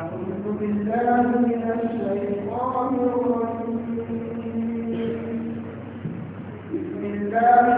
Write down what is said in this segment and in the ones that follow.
بسم الله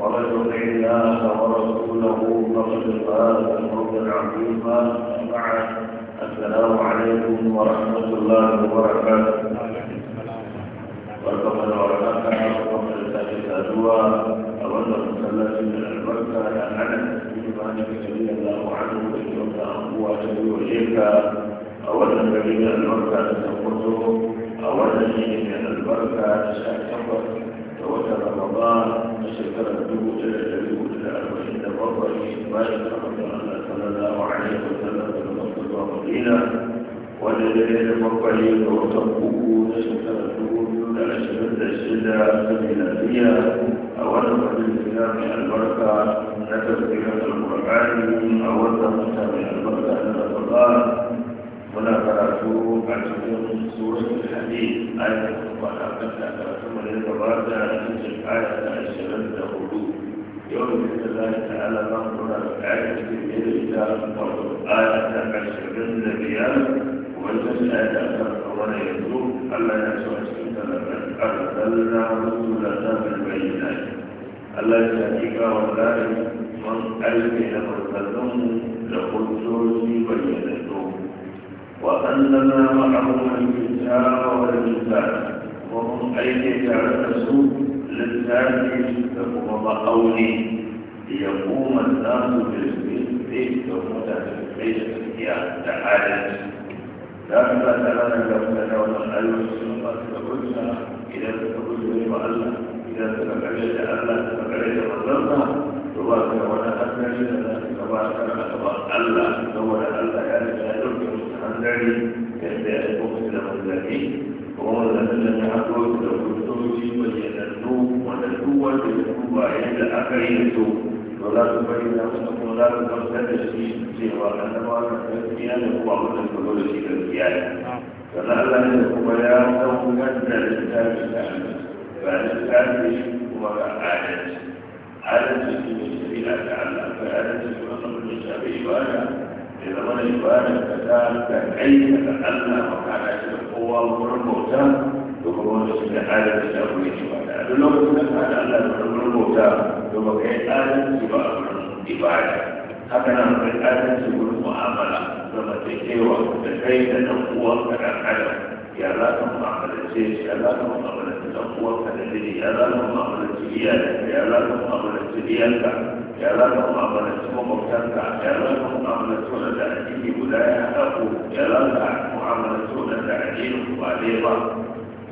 ومن يطع الله ورسوله فقد فاز فوزا عظيما بعد السلام عليكم ورحمه الله وبركاته barkamu da warhaka barkamu da sake saduwa a wannan masallacin da albarka da anan cikin ba da kake da Allah wa anhu da yauka abuwa ta yi a wannan gari da albarka da sakwato a wannan shi ne albarka da sha takwas wata ramadan na shekarar dubu ɗaya da dubu ɗaya da arba'in da bakwai bayan da aka Allah sallallahu alaihi wa sallam daga Makka zuwa Madina wanda ya yi da bakwai ga watan uku na shekarar dubu biyu da ashirin da shida ta miladiya a wannan wajen gida mai albarka na tasirin alƙur'ani a wannan wata mai albarka na ramadan muna karatu a cikin surat al-hadid ayatul qur'an ta ya gabata a cikin aya ta ashirin da hudu yau da bisa zai ta'ala kan kula da aya cikin irin da wato aya ta ashirin da biyar wannan aya ta karɓa wani yanzu allah ya so a cikin talabar arzalla rusula ta bilbayyana allah ya hakika wallahi man alfi da manzanninmu da hujjoji bayyanannu وأننا معهم الكتاب والميزان ومن أين تعرفوا للتالي تقوم أولي ليقوم الناس بالبيت ومتفقين في تعالى لما تلانا جمعنا ومن ألف سنة تقولنا إذا تقولنا وألا إذا تقعد ألا تقعد وظلنا تبارك ولا أدري لنا تبارك ولا ألا تبارك ألا يعني لا يمكن أن نعلم كيف يكون في الأمر wannan da ya haɗu da kusurci bayyanannu wanda su wanda ya ku ba yadda aka yi da su ba za su bari na su kuma za su kamtar da shi cewa na zama na gaskiya da kuma mutum ta da shi gaskiya ne sannan allah ne kuma ya san kuma da littafi da ba da littafi shi kuma ga adalci adalci shi ne shari'a da allah ba adalci kuma samun ya shafi ibada إذا من الإبانة كذلك كيف تتألم وكان أجل القوة ومرم موتى يقولون بسم آدم سأقول إجبارة أدلون بسم آدم مرم موتى ثم كي آدم سبا إبادة haka nan akwai adalci wurin mu'amala da mace kewa da ya za ka mu'amalance shi ya za ka mu'amalance ɗan uwanka da jini ya za ka mu'amalance iyayenka ya za ka mu'amalance iyanka ya za ka mu'amalance makwabtanka ya za ka mu'amalance waɗanda addini guda ya haɗa ku ya za ka mu'amalance waɗanda addinin ku ba ɗaya ba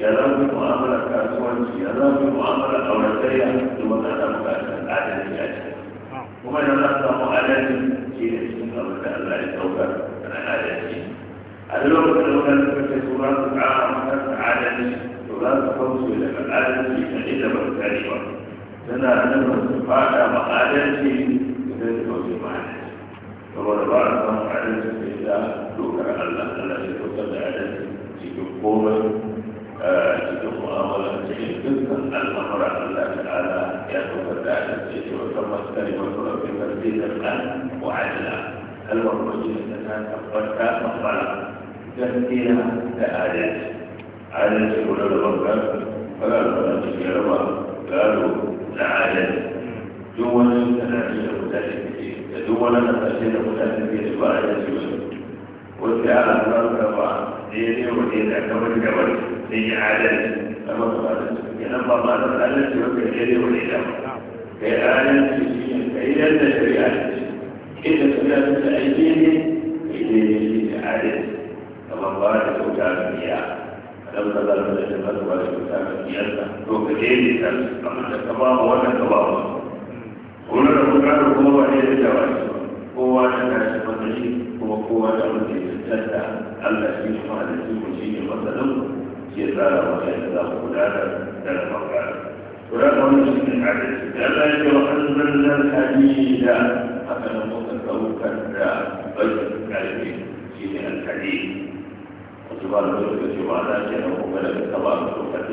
ya za ku mu'amalar kasuwanci ya za ku mu'amalar auratayya da wanda ana buƙatar adalci a ciki kuma da za ka samu adalci shi ne cikin abin da Allah ya saukar na adalci اللغة الأولى تفتح تراث عامة عالمي تراث خمس إلى العالمي إلا والتاريخ سنة نمر سبحانه وعالمي إذا تفوز معنا فقد بعض من عالمي إلا ذكر الله الذي وصل عالمي في قوة cikin mu'amala cikin dukkan al'amura Allah ta'ala ya kuma da ake cewa kamar kalimar rabbi masjidan an wa'adila kalmar wajen da ta tabbata gaskiya da adalci adalci ko da banka kana da wannan cikin raba gado da adalci duk wani tsananin da mutane ke da duk wani tsananin da mutane ke da ba adalci ba wasu ya ala za su raba daidai wa daidai da kamar da wani sai ya adalci amma ka ba da kenan ba ma da adalci ba kai daidai wa daidai kai adalci shi ne kai yadda shari'a ce inda shari'a ta aiki ne kai daidai da adalci kamar ba da kyauta ga biya adam ka za da ka ba da kyauta ga biyarka to ka je ne ka amma da ka ba mu wannan ka ba mu kuma da kuma da kuma ba ne da jawa kowa da ta shi matsayi kuma kowa da wanda ya tantanta Allah shi ne mahalicci mu shi ne matsalin shi ya tsara maka yadda za ku gudanar da mafaka ولكن هذا الشيء من عدد لأن يتوحدنا الحديد حتى نقول التوكل بيت الكلمين في الحديد شباب الدكتور شباب الأشياء وكذا الطباب وكذا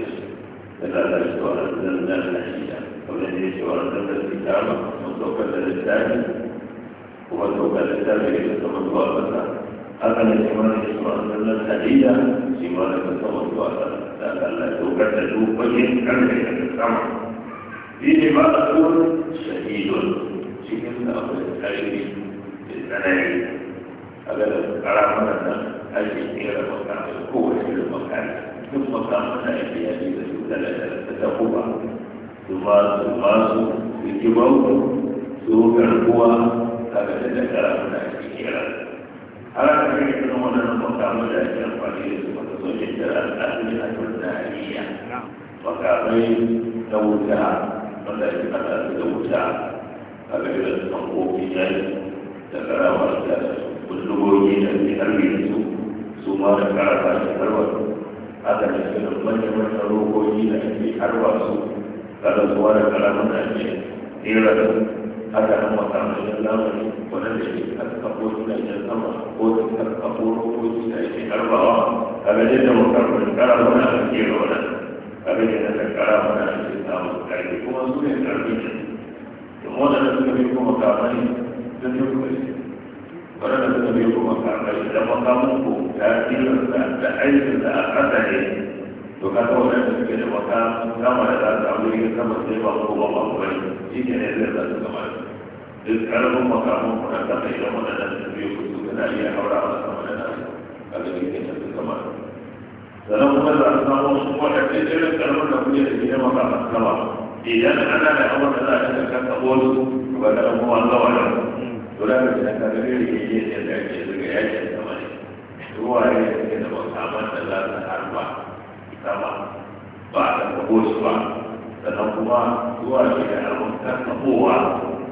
إلا لا شباب الدنيا الأشياء والذي شباب الدنيا الكتابة وتوكل للثاني وتوكل للثاني يتوكل الله أكن شمال شمال الدنيا الحديدة شمال التوكل الله لكن لا توكل له وجه كله السمع فيه ما أقول شهيد شكل أقول شهيد الثاني هذا الكلام هذا الجزيرة وكان القوة في المكان ثم قام نائب يزيد ثلاثة تتقوى تغاز تغاز الجبوت سوق القوى هذا ذكر من الجزيرة على كل أنه المقام لا ينبغي وتزوجت الأهلية النائية وكابين زوجها ملائكة زوجها فبعد الصنبوك جاي تتراوى الكلام والنبوي التي أرمي ma da kara ba shi harwa su haka ne suna manyan manyan da ake harwa su da su wani kara mana ake tsira da haka nan makamashin zamani wadanda ke karkafo gidajen sama ko su karkafo rokoki da ake harbawa kaga ne da makamashin kara mana ake tsira wadanda kaga ne da kara mana ake samun karfi kuma su ne karfi ne kuma wadanda suka fi kuma kamani sun yi kuma ولن تنبيكم أفعال إذا مقامكم تأثيرا تأثيرا تأثيرا to ka ga wannan suke da wata kama da za ta aure ya kama sai ba ko ba ba ko bai shi ke ne zai zasu kama da duk karfin makamun kuna ta kai da wadannan da biyu ku su kana iya haura a sama da nan a ga yake da su kama sannan kuma za su samu su wata ce irin karfin da kuke da gidan makamun kama idan ana da aure da za a cika kasa wani ba da kuma Allah wa da dole ne da ta gani da yake yin da ake zuga yakin sama ne ruwa ne da suke da makaman da za su harba sama ba a da kago su ba sannan kuma ruwa ne da harbar kan kagowa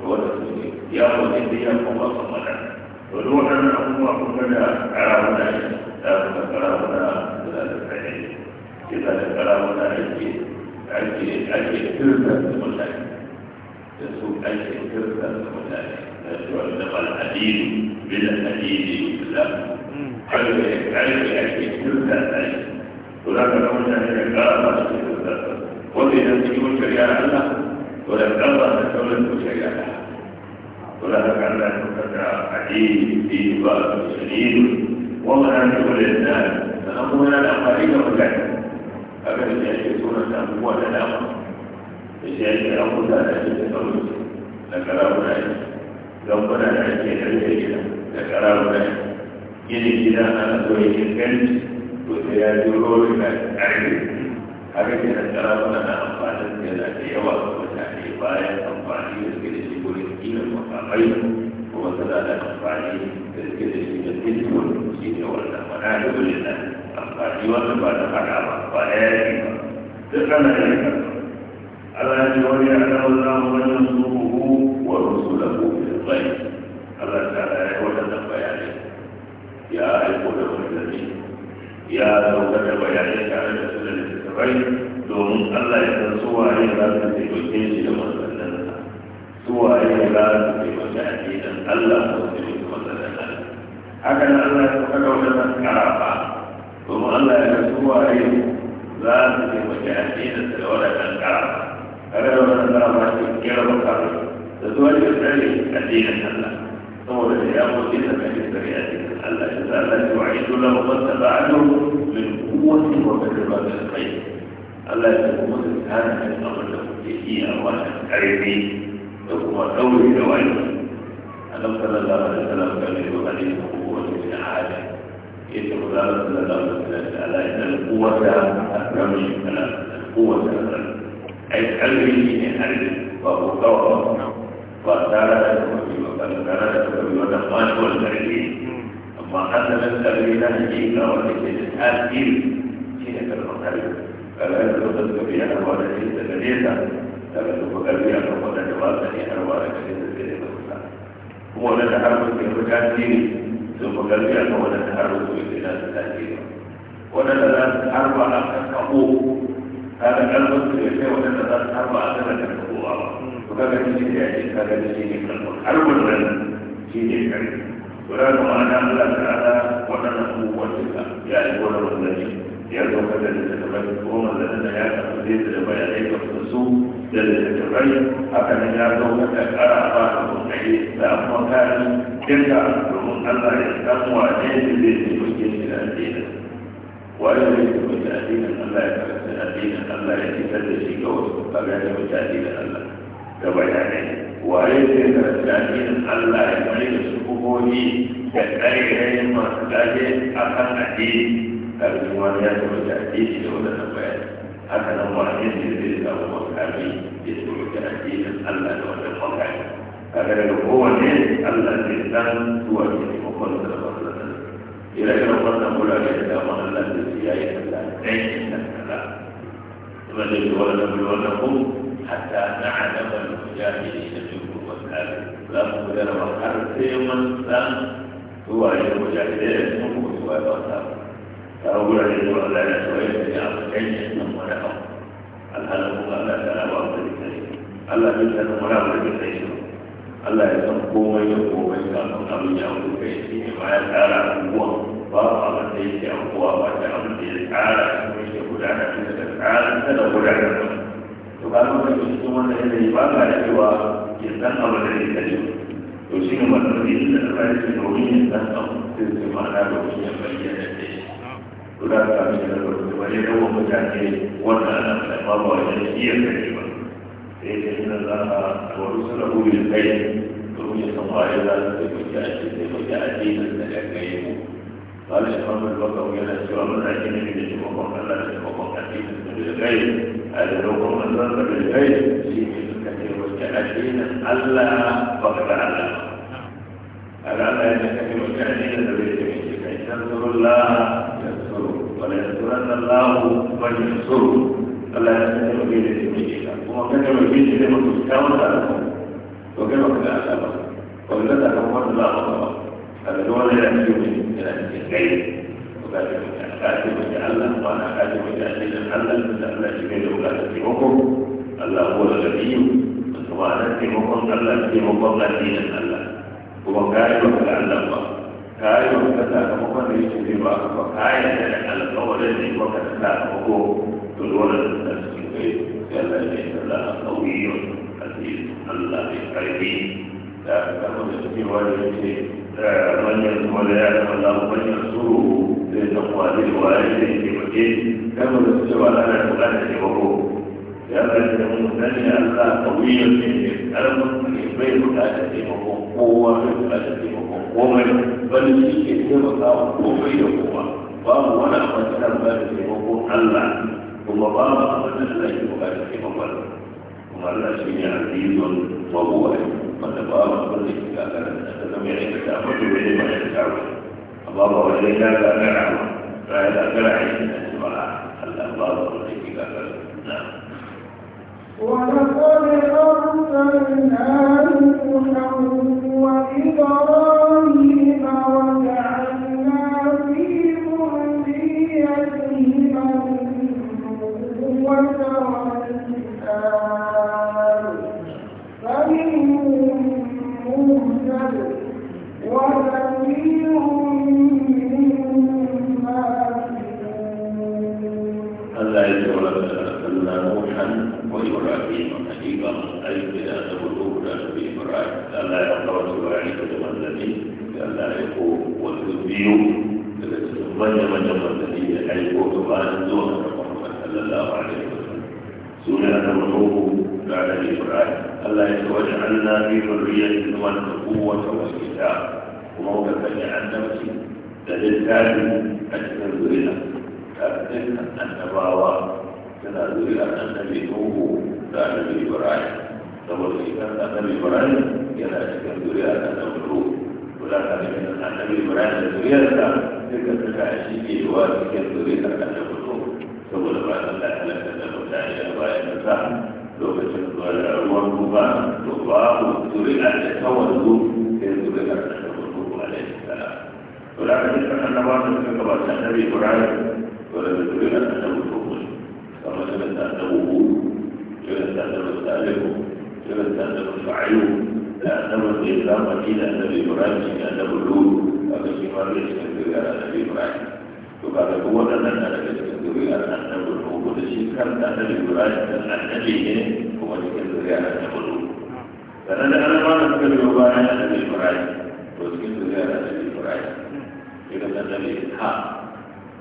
da wanda su ne ya wani da ya kuma da to duk waɗannan abubuwa kun ga da karamuna ne da da da kaɗai ke da karamuna da ke ake ake kirkar da mutane da su ake kirkar da mutane وإنما الحديد بالحديد بالله حلو يكتعرف يكتعرف يكتعرف ولكن لو كان يكتعرف وفي نفسه شريعة الله ولم ترى تكون شريعة ولا تفعل أن تتبع حديد فيه بارك شديد ومن أن تقول الناس فأمرنا الأقارب والكلام أبدا يشركون الأموال الأمر يشركون الأمر لا يشركون الكلام لا يشركون gambuna da ake karfe gida da karamu da gini gida ana so ya inganci to sai ya ji rori na ƙarfi haka ke da karamu na amfanin da yana da yawa ga mutane bayan amfani da suke da shi wurin ginin makamai kuma suna da amfani da suke da shi da fitowar shi ne wannan mana da wuri na amfani wannan ba na fada ba ba na yaki ba duk ana yi Allah ya ce wani ya kawo zamu wannan suhu wa rusulahu bane Allah ta ya bayanai ya aiko da manzanni ya sauka da bayanai tare da su da littattafai domin Allah ya san su waye za su taimake shi da manzanninsa su waye za su taimake addinin Allah ko su taimake haka nan Allah ya sauka da waɗannan karafa domin Allah ya san su waye za su taimake addinin da waɗannan karafa kada da waɗannan karafa su kira mutane sesuai dari ajaran Allah. Semua dari Allah kita dari ajaran Allah. Allah yu'idu lahu man taba'ahu min quwwati wa tajribat al-khayr. Allah yaqulu subhanahu wa ta'ala bihi wa al-karimi wa qawli wa Adam sallallahu alaihi wasallam kali itu kali itu quwwati min ada. Itu Allah sallallahu alaihi wasallam ala quwwata al-karimi ala quwwata al-karimi. Ay al-karimi ini al-quwwata ba tare da tafi ba ba tare da tafi ba da mashuwar karfi amma asalin karfi na hakika wanda ke da tasiri shi ne karfin karfi kaga yana da wasu karfi yana ba da shi daga nesa daga duka karfi a kan waɗanda ba sa iya harba daga nesa sai da kusa kuma da ba to kaga shi ne ya ce kaga shi ne kalmar har wannan shi ne karfi to da kuma ana Allah ta'ala wannan abubuwan ya yi wannan wannan ya zo kada da ta bai ko manzon da ya kafa zai da bayanai ka fita su da da ta bai haka nan ya zo kada kara ba da mutane da amma kai duka domin Allah ya san wane ne zai yi mutum shi da addinin ya يجب da shi يتأثير الله يتأثير شيء ولا يجب تأثير allah. da bayanai waye zai da jami'in Allah ya mai da su kubohi da tsaririn masu dace a kan addini karfin wani ya zama da addini da wadannan bayanai haka nan wani ne zai samu makami ya zama da addinin Allah da wannan makami kaga daga kowanne Allah zai san zuwa ke da ba su da ire iren wannan wurare da dama Allah ya yi kaza dan yin kaza. Wannan da wannan wannan حتى نعلم المجاهدين منكم والكافرين لا مجرد حرف يوم سام هو المجاهدين منكم هو الكافرين فأقول عليه ولا يسوي في أمرين يسمى ونفع الهلم الله تعالى وأمر الكريم الا يسلم ولا أمر الكريم الله يسلم قوم يقوم يقوم أمن يعود كيسين ويتعالى قوة فأقع من ليس أقوى وتعالى تعالى ويقول على كل تعالى تدخل على kalu da ke cikin wannan yanayi ba ka da cewa ya san abu da ya kace to shi ne wannan ne da kai ka yi domin ya san abu sai sai ma na da wani bayyana da shi to da ka mi da wani wani da wani da mutane wannan da ba ba wani iya kace ba sai da ina za a wani sanahu da kai domin ya san ba ya za su tafi ya ce sai ba ya ce da kai mu قال الإمام البكوي أنا سوى من أجنبي لجمهور الله لجمهور حديث بالغيب هذا لو كنا نظر بالغيب سيدي الكثير والتأشين ألا فقد على ألا أن الكثير والتأشين بالغيب ينصر الله ينصره ولا الله من فلا يستطيع به لجميعنا وما كتب فيه لمن وكما كان أسابه ولذا تكون الله هذا هو الذي يحكي بكلام الغير كاتب جعلنا وانا كاتب جعلنا جعلنا جعلنا جميل ولا تتبعكم الا هو الذي وانا تتبعكم الا تتبعكم لا دين الا هو كائن وكلام الله كائن وكذا كما يجري وكائن على القول الذي وكذا وهو دون التسليم كلا الا قوي عزيز الله الكريم لا تكون في وجهه wajen kuma ya zama za mu wajen su zai ta kuwa zai kuwa ya ce ke fage kama da su cewa ana da kuma da ke mako ya zai da mun sani ya sa ta wuyan ne ne karamin ne bai kuta da ke mako kowa bai kuta da ke mako komai bani shi ke taimaka wa kuma ba mu abinci da wanda ba wa abin da ke da zama ya aikata a ya yi ke na آدم ونوح قال لإبراهيم الله يتوجعلنا في ذرية والقوة والكتاب وموت فجعلنا للكافر da annabi ruhu kula da annabi ibrahim da zuriyarsa duka suka shi ke wa cikin zuriyar saboda ba Allah mutane da bayan nasa lokacin zuwa da ruwan kuma to babu zuri'a da tawazu sai na da tawazu alaihi salam to da kan kan annaba da suka gabata annabi to da zuri'a da tawazu kamar da ta da wuku irin ta da salihu irin ta da shu'ayyu da annabi Ibrahim da annabi Ibrahim da annabi Lut a cikin wannan cikin zuri'a da Ibrahim to ba da kuma waɗannan na daga cikin zuriya na annabi nuhu da shi kanta da ibrahim da annabi ne kuma cikin zuriya na annabi nuhu sannan da annabawa da suka biyo bayan annabi ibrahim to cikin zuriya na annabi ibrahim irin annabi ha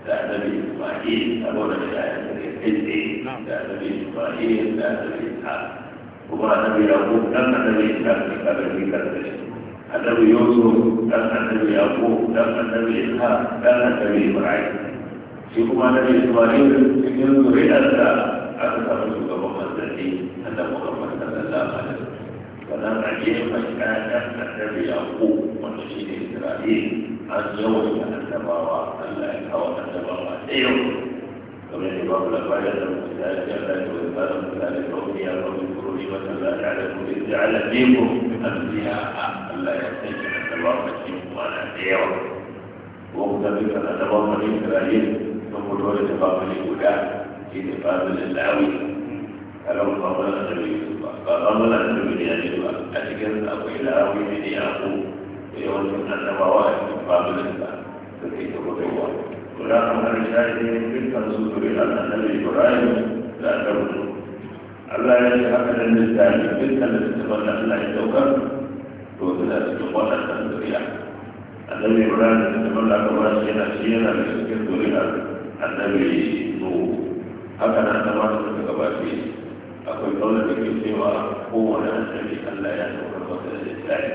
da annabi isma'il saboda da ya yi tsaye da annabi isma'il da annabi ha kuma annabi yaqub dan annabi isa ne kada ni shi annabi yusuf dan annabi yaqub dan annabi ishaq dan annabi ibrahim shi kuma annabi isma'il cikin zuriyarsa aka samu shugaban manzanni da muhammad sallallahu alaihi wasallam sannan a gefen ƴaƴan annabi yaqub wanda shi ne isra'il an yawaita annabawa allah ya kawo annabawa da كما يقول الأفعال من خلال جهلك والإنسان من خلال كونها ومن كروه وكما يعلم إذ جعل فيكم أنبياء ألا يستجيب التبارك فيكم على أنبياء وقتبك الأدوار من إسرائيل ثم دول شباب الهدى في نفاذ الإسلامي ألو فضل النبي فضل النبي يجب أشكر أو إلى أو من يعقوب ويوم أن واحد من قبل الإسلام فكيف هو غلام الشاهدين تلك الصدور على النبي ابراهيم لا تبدو الله يشهد ان الانسان تلك التي تبنى الله يتوكل تولى تتقوى الذريعه النبي ابراهيم تتبنى كما سينا سينا لسكن ذريعه النبي نوح هكذا كما تتكبر akwai kaunar da ke cewa kowane annabi Allah ya saukar masa da littafi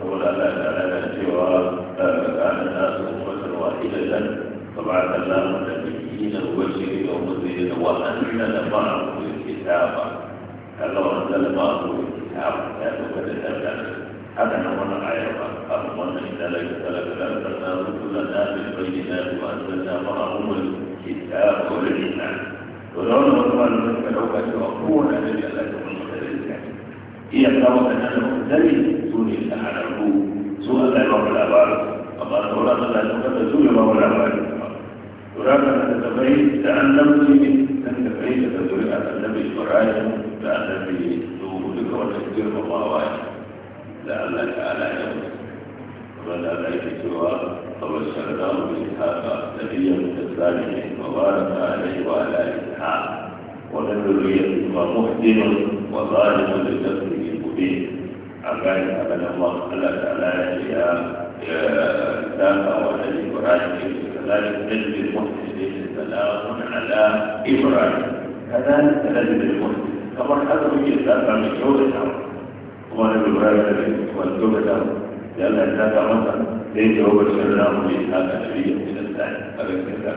saboda Allah ta ala cewa kana da su ummatan wahidatan fa ba'atha Allahu nabiyina mubashirin wa mudhirin wa anzala ma'ahum al-kitaba Allah wa anzala ma'ahum al-kitaba ya tabbata da Allah haka nan wannan ayar ba kafin wannan idan la yusala da arsalna rusulana bil bayyinati wa anzalna ma'ahum al-kitaba wal hikma to da wannan wannan ka dauka cewa kowanne da Allah ya هي قرارة أنه لن تولي أحد أبو سوء الله رب العبارة أبارة ولا تلا تفت سوء الله رب العبارة ورابع التفعيل تعلم لي أن تفعيل تدري أن النبي فرعي تعلم لي ذوبك وتكبير مطاوعي لعلك على يوم ومن عليك سوى أو الشرطان بإسحاق نبيا من الظالمين مبارك عليه وعلى إسحاق ومن ذريتهما محسن وظالم لنفسه مبين عباد أمان الله الله تعالى يا سامة ونبي إبراهيم كذلك نجزي المحسنين سلام على إبراهيم كذلك نجزي المحسن طبعا هذا هو الإسلام من شغل الحرب ونبي إبراهيم والزوجة لأن إذا متى ليس هو السلام لهذا النبي من الثاني ولكن إذا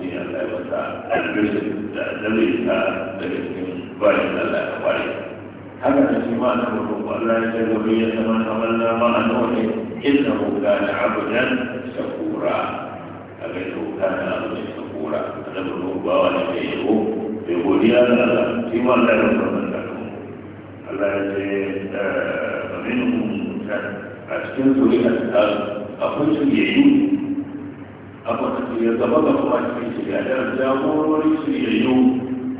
في أن يوسع الجسد الذي كان وارد الله وارد هذا الاجتماع أمره ولا من مع نوح إنه كان عبدا شكورا أبيته كان عبدا شكورا نبره يقول يا الله فيما لا يفهم الله يجد a cikin zuriya ta akwai shiryayyu a kwanaki ya gaba ga kuma cikin shirya da jagororin shiryayyu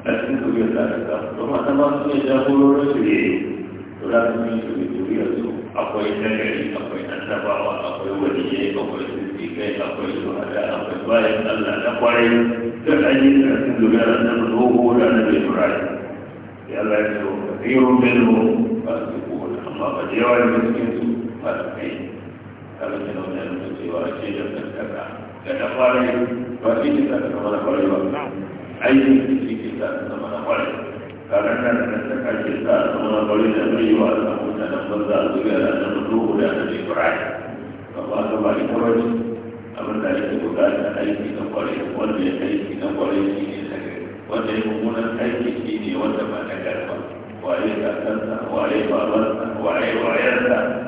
a cikin zuriya ta ta kuma ta ma su ne jagororin shiryayyu to za su yi shirya zuriya su akwai nagari akwai annabawa akwai waliyai akwai sirrikai akwai shuhada akwai bayan allah na kwarai duk an yi cikin zuriya da annabi dogo da annabi ibrahim ya Allah ya ce wa kafirun minhum fasiqun amma ba da yawa ne cikin farfai kamar da wani yanzu cewa a ce da kankaka da na kwarai ba shi ne za ka zama na kwarai ba aiki da shi ke za ka zama na kwarai karan da kankaka ke za ka zama na kwarai da mai yiwa a samu da nan banza a zuga da nan mutu da nan mai kwarai amma ka ba ita ba ce abin da ake bukata aiki na kwarai wanda ya aiki na kwarai shi ne na gari wanda ya mummunan aiki shi ne wanda ba na gari ba waye kakansa waye babansa waye wayarsa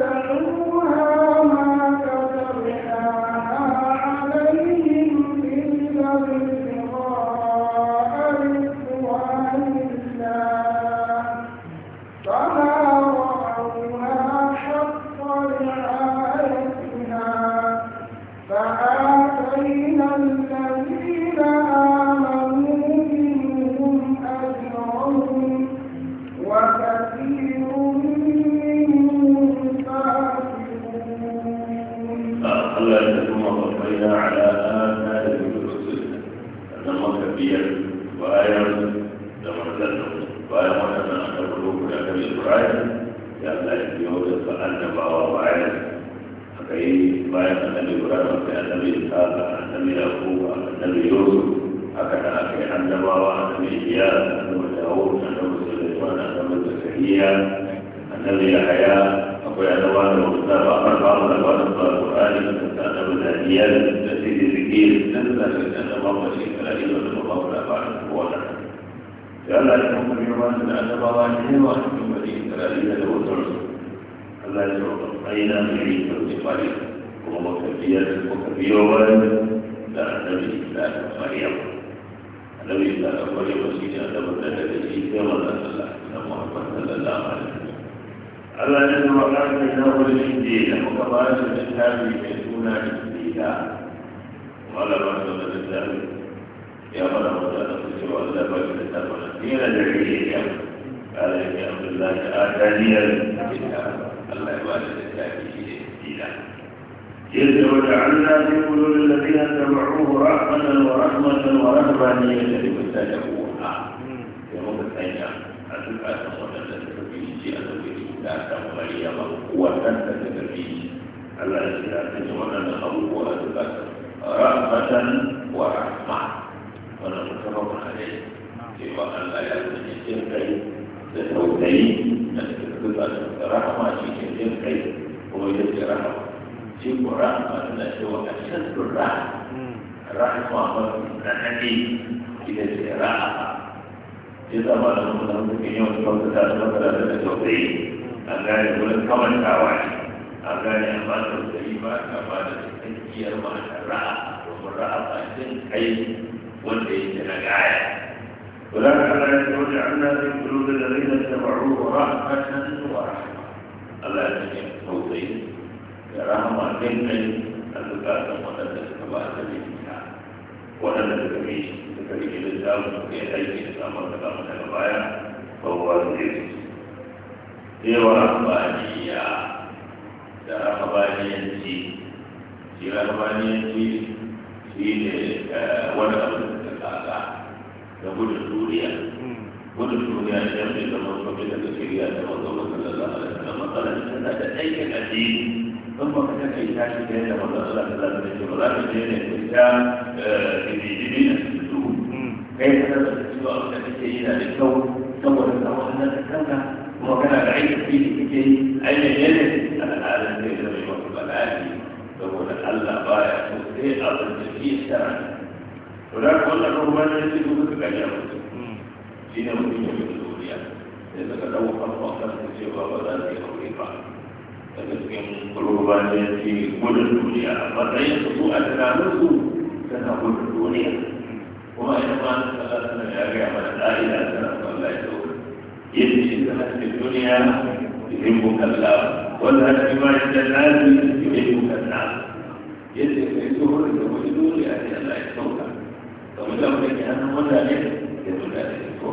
Thank you. وجعلنا في قلوب الذين اتبعوه رحمة ورحمة ورهبانية لمتجهوها يوم الثانية أتبقى تصدق تتبعيش أتبعيش لا تغير وتنسى تتبعيش الله يسلمك وأنا أبو أتبقى رحمة ورحمة وأنا متفق عليه سوى أن لا يكون الشرك لتوزيع أن تتبقى رحمة شيء الشرك ويجب رحمة shi ƙoran ba da cewa a can turra rahama ba na hadi ita ce ra'a ya zama da mutum da mutum yawan kwamfuta da matsala da tausayi an gane wurin kamantawa ne an gane amma tausayi ba ka ba da cikakkiyar ma'anar ra'a domin ra'a ba jin kai wanda yake na gaya ولكن لا وجعلنا في قلوب الذين اتبعوه رأفة ورحمة الله يجعل توضيح da rahama jin kai a zukatan waɗanda suka ba a tabi ta waɗanda suka bi shi suka bi shi littafin suka yi aiki da samun da kama daga baya kowa zai su yawa rahabaniya da rahabaniyanci shi rahabaniyanci shi ne eh, wani abu da kaka da gudun duniya gudun duniya idan bai zama kuma da shirya da wanzu masallallahu alaihi da matsalar tana da aikin addini ثم كتب إشاء شكاية والله الله الله الله ولا تجينا إشاء إبيدينا كيف هذا السوء أخذ إلى الكون ثم تتوى أن تتكلم وكان بعيد فيه كتير أين يلد أنا أعلم بيت الوقت الآلي فهو لألا بايع سوء أرض الجيش سرعا ولكن والله هو ما يجب أن يكون daga cikin rubaniya ce gudun duniya a matsayin su a tunaninsu tana gudun duniya kuma ina ya mana ɗa'ida tana tsalla ya zaune yin shi ta hasken duniya yin bukalla wanda hasken ma ya ta nazi yin bukalla yadda ya kai tsohon da wani duniya ne Allah ya sauka kamar da wani ke hannun mutane ya mutane ya ko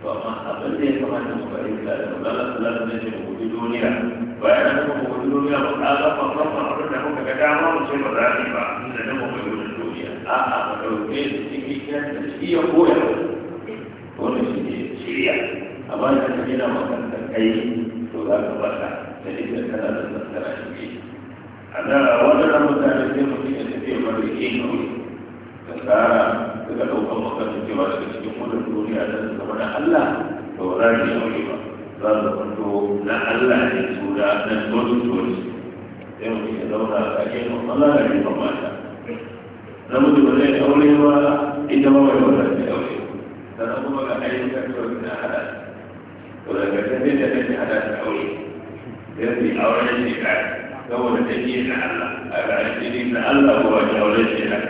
to amma abin da ya kamata mu fahimta da magana duniya bayan da kuma mutum ya ba ta zafa zafa abin da muka ga dama mu ba za mu ba inda na muka yi wani duniya a'a ba ɗauke da cikin kiran da shi ya koya wani shi ne shirya amma da ta gina makarantar kai to za ka bata da ita tana da tattara shi a da waɗannan mutane sai mutum ya tafiya mara ke nauyi ka tsara daga ɗaukar makarantar cewa daga cikin wannan duniya da zama da Allah to ba za mu yi ba za su fito na Allah ne su da nan tosi tosi sai zauna a ƙarshen Allah na riba mata namiji ba zai aure ba ita ma bai wata zai aure sannan kuma ga ainihin kasuwar na hada to da ƙarshen zai da zai hada da aure zai fi auren shekara saboda ta yi na Allah a ƙarshen na Allah ko ba ta auren shekara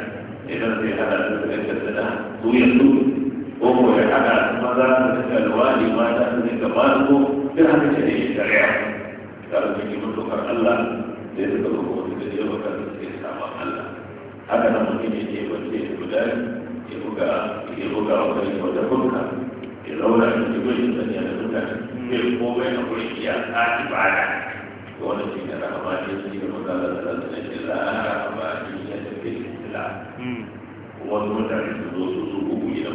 idan zai hada da zai da su yanzu ko ko ya hada maza su rika alwali mata su rika malu duk haka ce ne shari'a ta da cikin mutukar Allah da ya suka kuma wata da yawa kan su ke saman Allah haka nan mutum ya ke wace ya guda ya buga ya buga wata ya wata hulka ya zaura ya ci gudun da ya da hmm. mutane ya koma ya kuri ya ta ibada to wani da la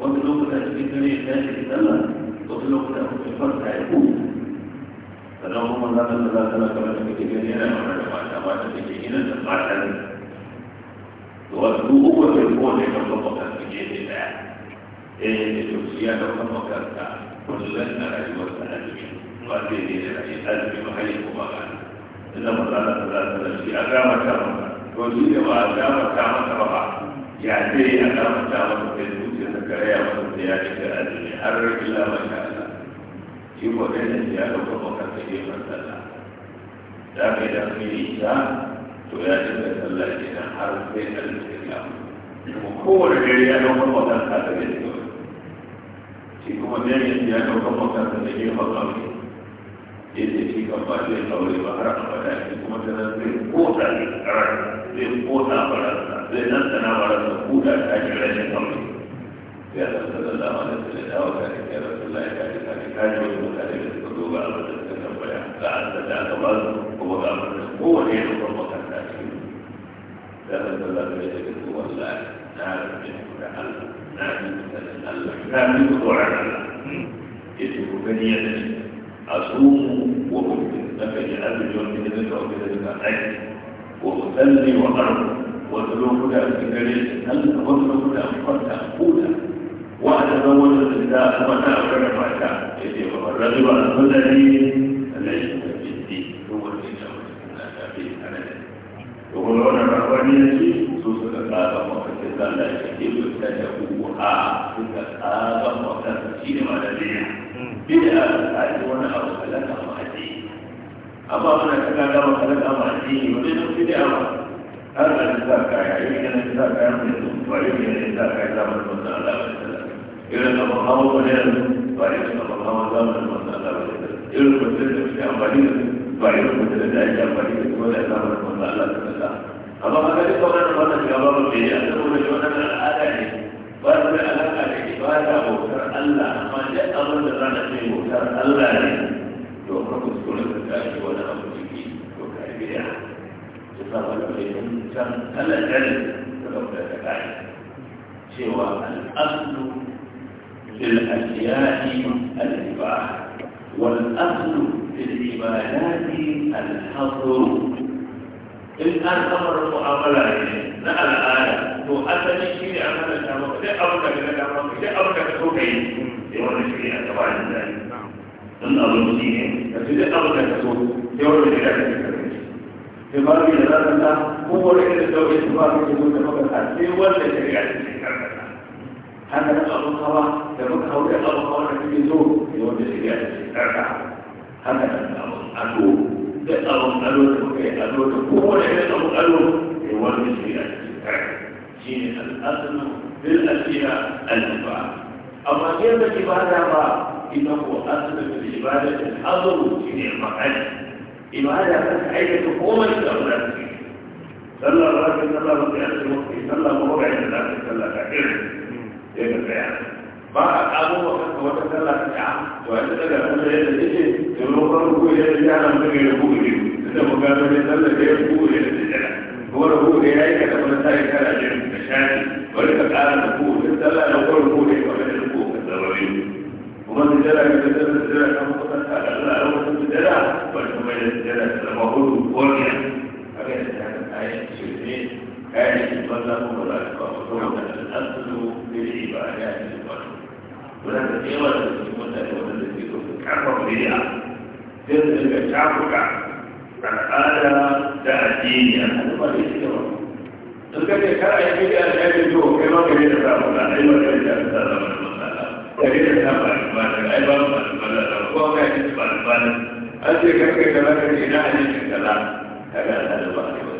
وفي الوقت في الدنيا ذلك الزمن وفي الوقت في فرق يكون فلهم من ذاك الذي ذاك كما تكتبين هنا وما تكتبين هنا تبعثا وهو في الكون يتطبق في جهة الله إيه الشخصيات تطبق كلنا رأيوا الأدمي وأدمي رأي الأدمي وحيث مبارك إنما ثلاثة ثلاثة نفسي أقام كرمك وجود وأقام كرمك ربع يعني أقام كرمك في الدنيا da ka raya masa sai ya shiga azumi har illa ma sha Allah shi ko ya dauka maka sai ya da ka da mai to ya shiga sallah kenan har sai alfajir ya kuma kowane dare ya dauka maka sai da ya shiga shi kuma dare ya dauka maka sai ya fara yadda shi kan ba zai aure ba har abada shi kuma ta nan zai kota ne zai kota baransa zai nan tana baransa kuda ta shi rashin aure يا رسول الله عليه وسلم وكانك يا الله كانك كانك كانك وكانك تدوب على رسول الله لعل تعالى وزن هو قام هو اللي يحكم يجب بني أصوم ومؤمن لكن يعلم يوم من ذلك أو من وأرض وأسلوك لا أفكر هل أسلوك لا أفكر أقولها وأنا أول الإنسان وأنا أول ما كان يدي والرجل الذي ليس بالدين هو الإنسان وقل عنا الرحمنية خصوصا الآدم وكتب لا يجب تجهوها تلك الآدم وتفسير ما لديها بلا أعلم أو خلق معدي أما أنا كذا لو خلق معدي ولن أبتدع هذا الإنسان كاية إن الإنسان كاية من الإنسان كاية من الإنسان كاية من الإنسان irin abin hawa wani yanzu ba irin abin hawa zamanin manzan Allah irin mutum da suke amfani da ba irin mutum da ake amfani da kuma da zamanin manzan Allah ta amma a ga duk wannan wannan shugaba ba bai yi a saboda shi wannan al'ada ne ba su da alaƙa da ibada bautar Allah amma duk abin da za ce bautar Allah ne to ka kuskure ka tashi wani abu ciki to ka yi biya ya sa wani mai can Allah ya ne ka da ka cewa al'adu بالأشياء الإباحة والأصل في العبادات الحظر إن أمر المعاملات لا الآية هو أصل الشيء عمل الأمر لا أبدا من الأمر لا أبدا من الأمر يقول الشيء تبع ذلك من أظن من الأمر لا أبدا من الأمر يقول الشيء في باب لا هو لكن الزوج في باب الإبادة فقط أسير ولا شريعة الشيء هذا نسأل الله تبكه ويسأل الله الذي يزور يوم الإجابة ارجع هذا نسأل ألو يسأل ألو تبكي ألو تبكي ولا يسأل ألو يوم الإجابة ارجع الأصل في الأسئلة الدفاع أما كيف العبادة ما إنه أصل في العبادة الحظر في المعنى إبادة فتحية قوم الأولاد صلى الله عليه وسلم في أسر وقت صلى الله عليه وسلم ba a kago wa kanka wata sallah ta ta ah, to a cikin da kuma da yadda take da lokacin ku ya yi ana mutum ya rubu ne da mun gano ne sallah da ya rubu da ta kuma rubu ne ya ka kuma ta yi kana da ka shafi wani ka ƙara da ku duk sallah da kuma rubu ne kamar da rubu ka zama kuma da jira ka da da jira da kuma ta da da a wasu da jira wani kuma da jira ta zama hudu ko ne a ga da ta yi shi ne kayayyakin banza ko ba za a ba ko wanda kan kai da samu da ai ma ka da samu da ba ko a yi kaza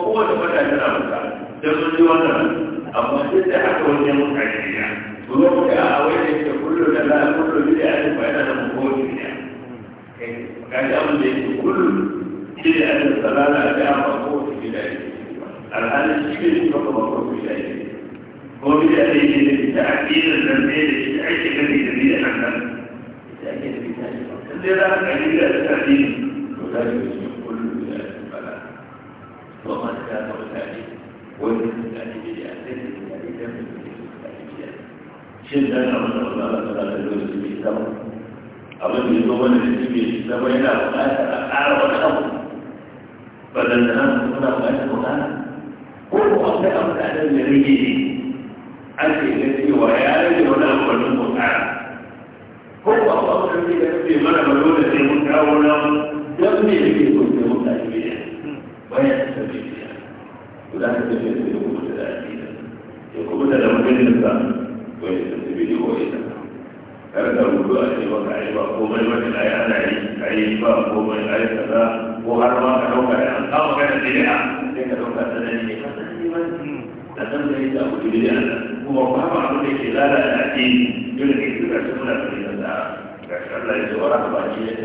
kuma kowace wata na muka don mun wannan amma duk da haka wajen mutane ne kuma muka a wani da ke kullu da la'a kullu bida a cikin bayan da muka wani ne ka ji abin da yake kullu bida a cikin salala a ga amma kowace bida a cikin shi ne shi kuma kuma kowace bida a ko bida a cikin da ita a da ne da shi ake gani da bida a nan da ake da bida a da za da ta cikin to za ka yi ba ma ta ga mutane wani mutane da ya sai da mutane da mutane da mutane shin da na wani wani ala ta da dole su bai sama abin da ya zo wani da shi bai sama yana buƙatar a ƙara wani abu ba da nan suna buƙatar buƙata ko ko akwai abu da adam ya rage ne ake ga cewa ya rage wani abu wani buƙata ko ko akwai abu da ya rage mana ba dole sai mun kawo nan don me yake so sai mun tashi bai bayan da tafi biya za ta tafi da ya kubuta da aƙida ya kubuta da mutuncinsa ko ya tafi ko ya kar ka rubu a ce maka ai ba komai wani ai ana yi ba komai ko har ma ka ɗauka da an kama kana biya sai ka ɗauka da nan ne ka san ni da san da yadda abu biya kuma ba ma abu da ke lalata aƙidi dole ne su ga su da ga shi Allah ya wa ce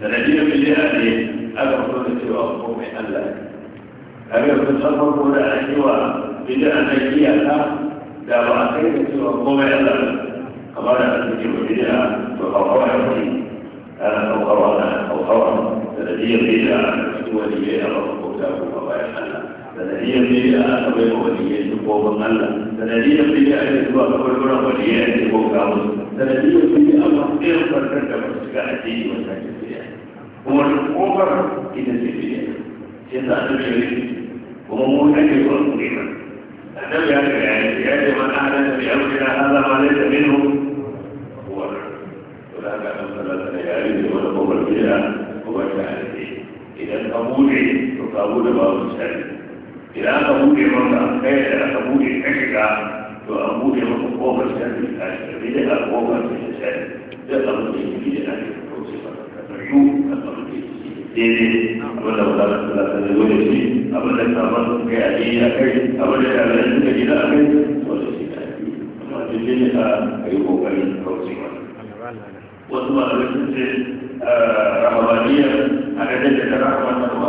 sanadiyar miliyan ne aka fito da cewa komai Allah a ga kun san farko da a cewa bidan na iyaka da ba a kai da cewa komai Allah kamar da aka ce wa bidan to hawa ya fi ana kawo hawa na kawo hawa sanadiyar bidan su wani ya yi a mafi sanadiyar ne da ana bai wa waliyai su gobin Allah sanadiyar ne da ake zuwa kawai wurin waliyai ake bauta musu sanadiyar ne da amma irin farkar da masu ga addini ba ta ke biya kuma da kofar ita ce biya shi yasa an ce kuma mun kake zuwa su ne ba annabi ya ce ya ce mana ana da ya wuce na Allah ma zai tafi nu kuwa to da ka san sallallahu alaihi wa sallam ya wani kofar biya ko ba ta idan ka bude to ka bude babu shari'a idan aka buɗe maka kai da aka buɗe ka shiga to a buɗe maka kofar sharri ka shiga bid'a da kofar ta shi sharri da abin da yake bid'a da ke ka tsayu ka abin da yake daidai abin da da ta da shi abin da ta bar kai a yi a kai abin da ta bar suka gida a kai to shi ta yi amma duk da ka kai kokarin kauce maka wasu malamai sun ce ah, rahabaniyar a gajen da ta rahamanta wa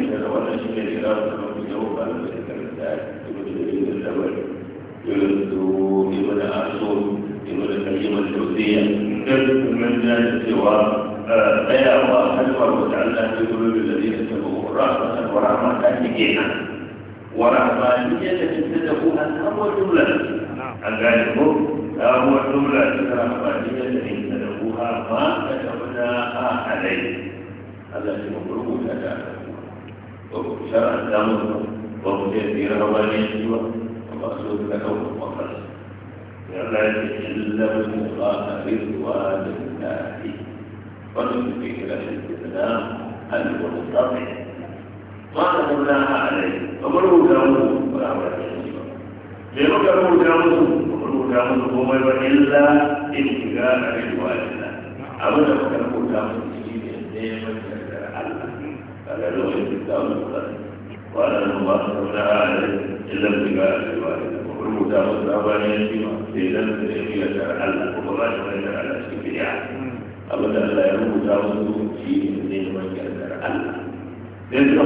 wannan shi ne shirar da mafi yawan ba da suka karanta ibn jarir da dabar irin su ibn aso ibn kayyim al-jawziya dan mun da cewa tsayawa kalmar wata Allah ta gudu da ladina tabu rahmatan wa rahmatan kenan wa rahmaniyatan tadahu an amwa jumla an gane ko هو الجملة الرحمانية إن له ما كتبناها عليه هذا في مبروك هذا ba ku shara da mu ba ku ce tsira ba ne shi ba ba su da kawo makar ya rayu illa min ba ka rizwa da nafi wannan da ke kira shi da na alwala tabi ma da kuma alai kamar rubuta mu ba ba shi ba me muka rubuta mu a a كتاب القرآن وأنا المبارك a أعلم إلا ابتغاء الوالد وقلت أبدا يسمع سيدا سيدي يتعلم وما يتعلم سيدي أبدا لا يروج أبدا شيء من من يتعلم لأن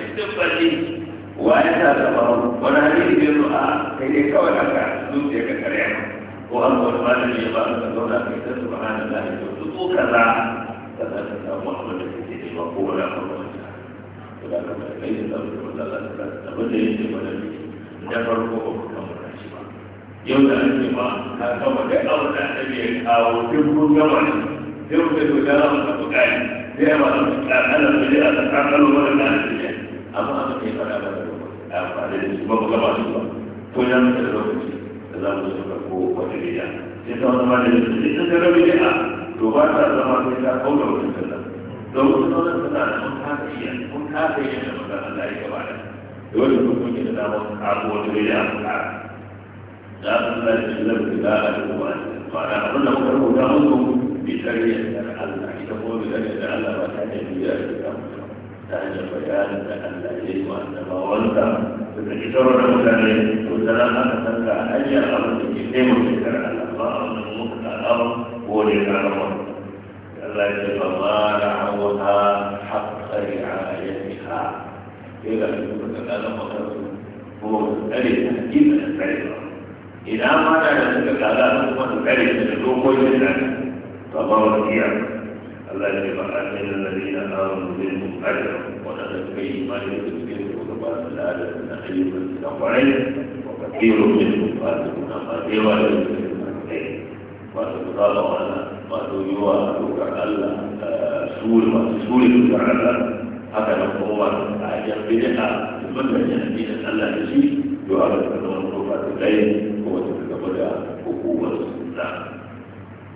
da da kana kai duk Wa ta da faru wani hadisi bai zo a kai dai kawai haka zuciya ka karya ko an wani malami ya ba ka zauna kai ta su ba'ana da ya zo ko kaza ka za ka samu abin da kake nema ko wani abin da wata da ka kai da zaɓi da wanda za ka sa abin da ya ce wani da farko ba ku kama da ba yau da an ce ma ka kama da abin da ta biya kawo duk kun gama ne sai ku kai ku gara masa ku gani sai ya ba su ƙaƙalar da ya ta ƙaƙalar wani da ne amma an kai fara da amfani da su ba gaba su ba ko ya mutu da lokaci da za mu suka ko wata bidiya sai ta wani malami da su ta zama bidiya to ba ta zama sai ta kauna wata sallah don wasu sauran suna da kun ta iya kun ta iya da ta Allah ya gaba da da wani hukunci da dama a wata bidiya a kara da aka tsara da shi lafi da ala da kuma ma'ana abin da muka rubuta musu bi tarbiyyar da Allah ita kuma bi tarbiyyar da Allah ba ta da bidiya da kuma تعني بيان أن إليه وأن ما ولد فبالكثرة المتعلم وسلام أتسلى أي أمر يتم الفكر أن الله من مكت الأمر ولد الله يجب ما رعوها حق رعايتها إذا كنت هذا مكتب هو مستقل إذا ما كان لك على أنه مستقل تحكيم الفريضة فما وكيعك Allah ya ce ba na nari na amon zai mu ajiyar waɗanda suka yi imani da suke da kuma ba su da adadin na ayyukan su da kwarai wa ka tsero min su ba su kuna ba da yawa da su ke da kai ba su ku saba wani ba su yi wa dokar Allah suri ba su suri dokar Allah haka nan kuma ba su ta ajiyar bid'a da mutane da bid'a Allah da shi yau aka zama wani kofa da kai ko wata gaba da hukumar su da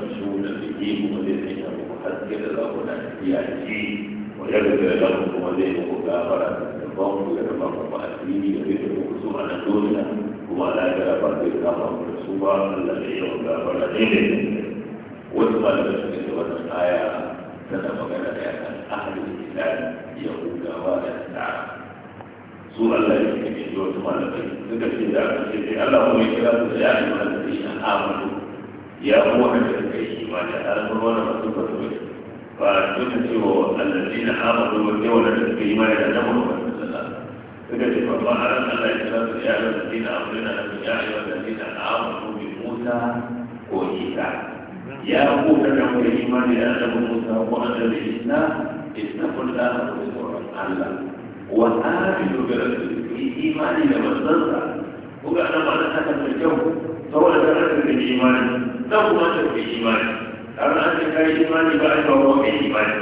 تمشون بهم وذي محذر لهم يأتي ويغفر لهم وذي مغافرة الضوء يرفع مأثيم يرفع سوء الدنيا ولا يرفع بالله سوء الذي يغفر لهم وثم المسجد والآية سنة مغنى أن أهل الإسلام يقول ولا تعالى سوء الله يكفي وثم المسجد ذكر في ذلك الله هو يكفي يا أيها الذين آمنوا ya kuma wanda suka yi imani a ranar wannan masu ba su ba su ta cewa allazi na amadu wa yawan da suka yi imani da nan muhammadu sallallahu suka ce a aran allah ya kira su ya yi da na amadu na nabi ya yi allazi na amadu bi musa ko isa ya ku ta da kuka yi imani da annabi musa ko annabi isa isa kulla ko allah wa aminu bi rasulihi imani da manzansa kuga annabi ana haka da kyau saboda ta rasa da imani dan kuma ta da imani har an ce kai imani ba ai ba wa imani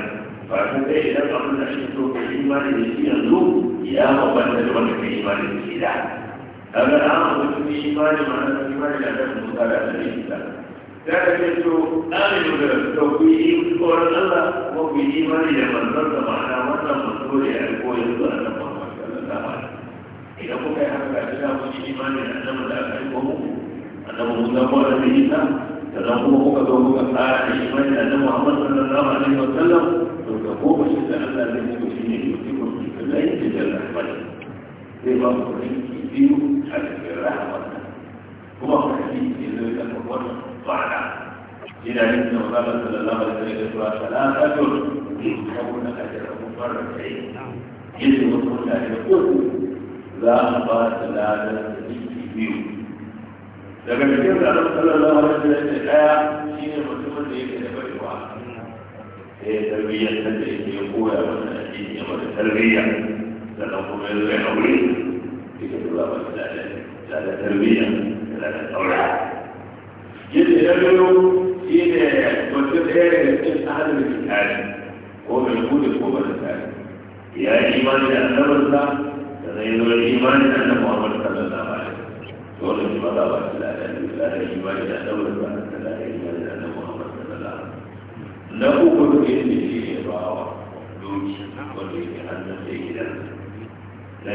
ba ta kai idan abin da shi so kai imani da shi yanzu ya mabanta da wanda kai imani da shi da kaga an mutum imani ma'ana imani da Allah Musa da Allah Isa ذلك يسوء آمنوا بالتوفيق قول الله وفي إيمان لمن ضد معنا وانا مسؤول عن قول الله أن محمد صلى الله عليه وسلم إذا كنت أحب أجلاه في إيمان أنه لا أحبه annabi musa ko annabi isa sannan kuma kuka zo kuka fara imani da annabi muhammad sallallahu alaihi wa sallam to ka koma shi da allah zai muku shi ne yau kuma ka lai da jalla rahmat zai ba ku rinki biyu a cikin rahmat kuma ku rinki ne zai ka kwakwar ba'ada ina yin da mazaba sallallahu alaihi wa sallam salatu in kauna ajiyar mufarrakai yadda wasu mutane da kotu za a ba su ladar da biyu daga cikin da Allah sallallahu alaihi wasallam ya daya shine mutumin da yake da baiwa eh tarbiyya ta da yake koya wannan addini ya mata tarbiyya sannan kuma ya zai aure yake da baba da da da tarbiyya da da aure yace da yau shine mutum ɗaya daga cikin ahlul kitab ko mai gudu ko mai tsari ya yi imani da annabansa da zai zo imani da annabawan sallallahu alaihi wasallam dole ne ba ba shi ladan da da da na da shi ne bawa doki wanda yake hannun gidan na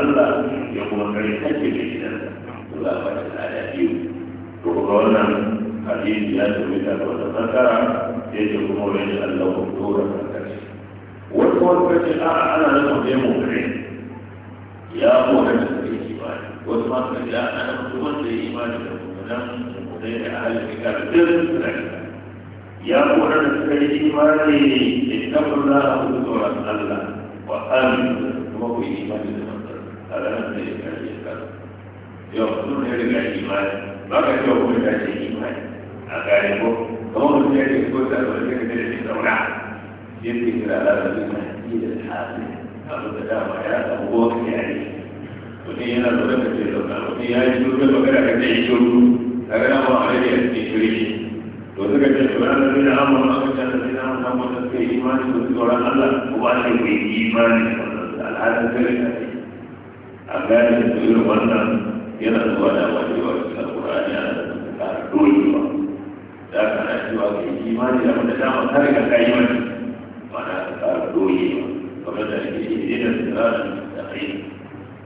Allah ya kuma kare kake da gidan to za ba wannan ya tafi da wata kuma Allah ana ya wasu masu da ana mutu wanda ya imani da mummunan sai da ahalin kafin ya kora da suka yi imani ne da kafin za a hudu tsoron Allah wa amin kuma ku yi imani da mantar a ranar da ya kashi ya kasu yau mutum ne riga imani ba ka cewa kuma ta ce imani a gane ko kuma mutum ya ce ko ta zo ne da ya zauna yadda ya kira Allah da imani da hasi abin da dama ya samu ko ya yi mutum yana zaune da ke zaune mutum ya yi shiru da magana da ta yi shiru a gana ma a rage a cikin shirki to suka ce su ranar da na amma ma kan da na amma ma da suka yi imani da su tsoron Allah ko ba shi ku yi imani da al'adar kare ta a gane da su wannan yana zuwa da wajewa da alƙur'ani a da dole ba da aka na cewa ka yi imani da wanda dama kare ka ka yi mani ma'ana ka ƙara doye ba kamar da ake yi da sirar da ƙarfi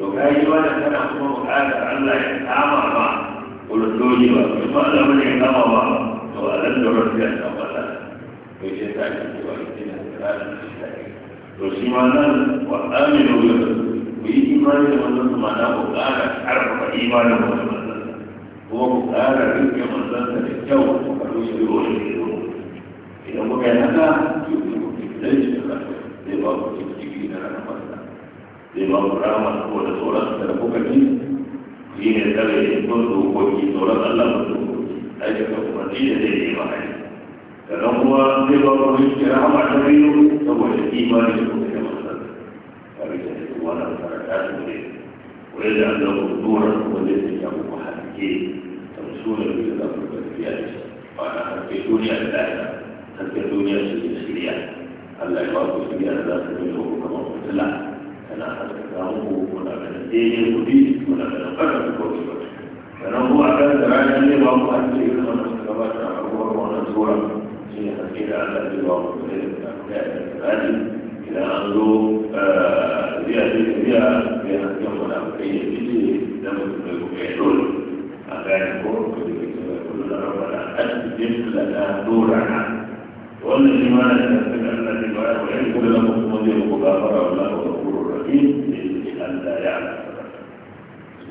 to ka yi wannan kana kuma buƙatar Allah ya kama ma kulutoni ba kuma Allah ne ya kama ma to a nan da rafiya ta wala to shi ta ke cewa ina kiranin shi ta to shi ma nan wa aminu ya ku yi imani da wannan kuma na buƙatar karfafa imanin wannan manzon kuma buƙatar rike manzon da kyau ku karu shi ruwan a idan kuka yi haka to ku yi da shi da zai ba ku ciki da rahama zai ba ku rama saboda tsoron sa da kuka ji shi ne ne Allah ku dokoki aikata kuma ni da zai yi ba ai sannan kuma zai ba ku rinki rama ta biyu saboda imani da kuka yi masa kare da ne kuma na karata su ne wani da Allah ku dora wanda zai ya ku haske tamsuna da zai ku tafiya da shi ba na harfe duniya da lafiya duniya su ne shirya Allah da za su yi hukumar kamu mula dengan ini budi mula dengan pada budi karena Allah akan terang ini waktu hati itu menetapkan Allah mana suara sehingga kita akan dibawa kepada tadi kita anggo dia dia dia yang mula ini itu dan mengumpul akan kau لنا نورنا وأن الإيمان الذي بعد وإن كل لكم مدير مغافرة ولا التوحيد لئلا يعلم